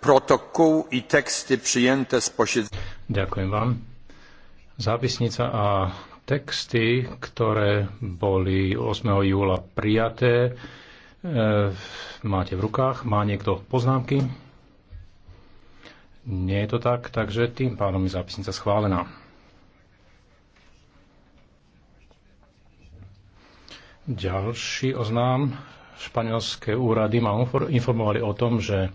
protokół i teksty przyjęte z posiedzenia. Ďakujem vám. Zápisnica a texty, ktoré boli 8. júla prijaté, e, máte v rukách. Má niekto poznámky? Nie je to tak, takže tým pádom je zápisnica schválená. Ďalší oznám. Španielské úrady ma informovali o tom, že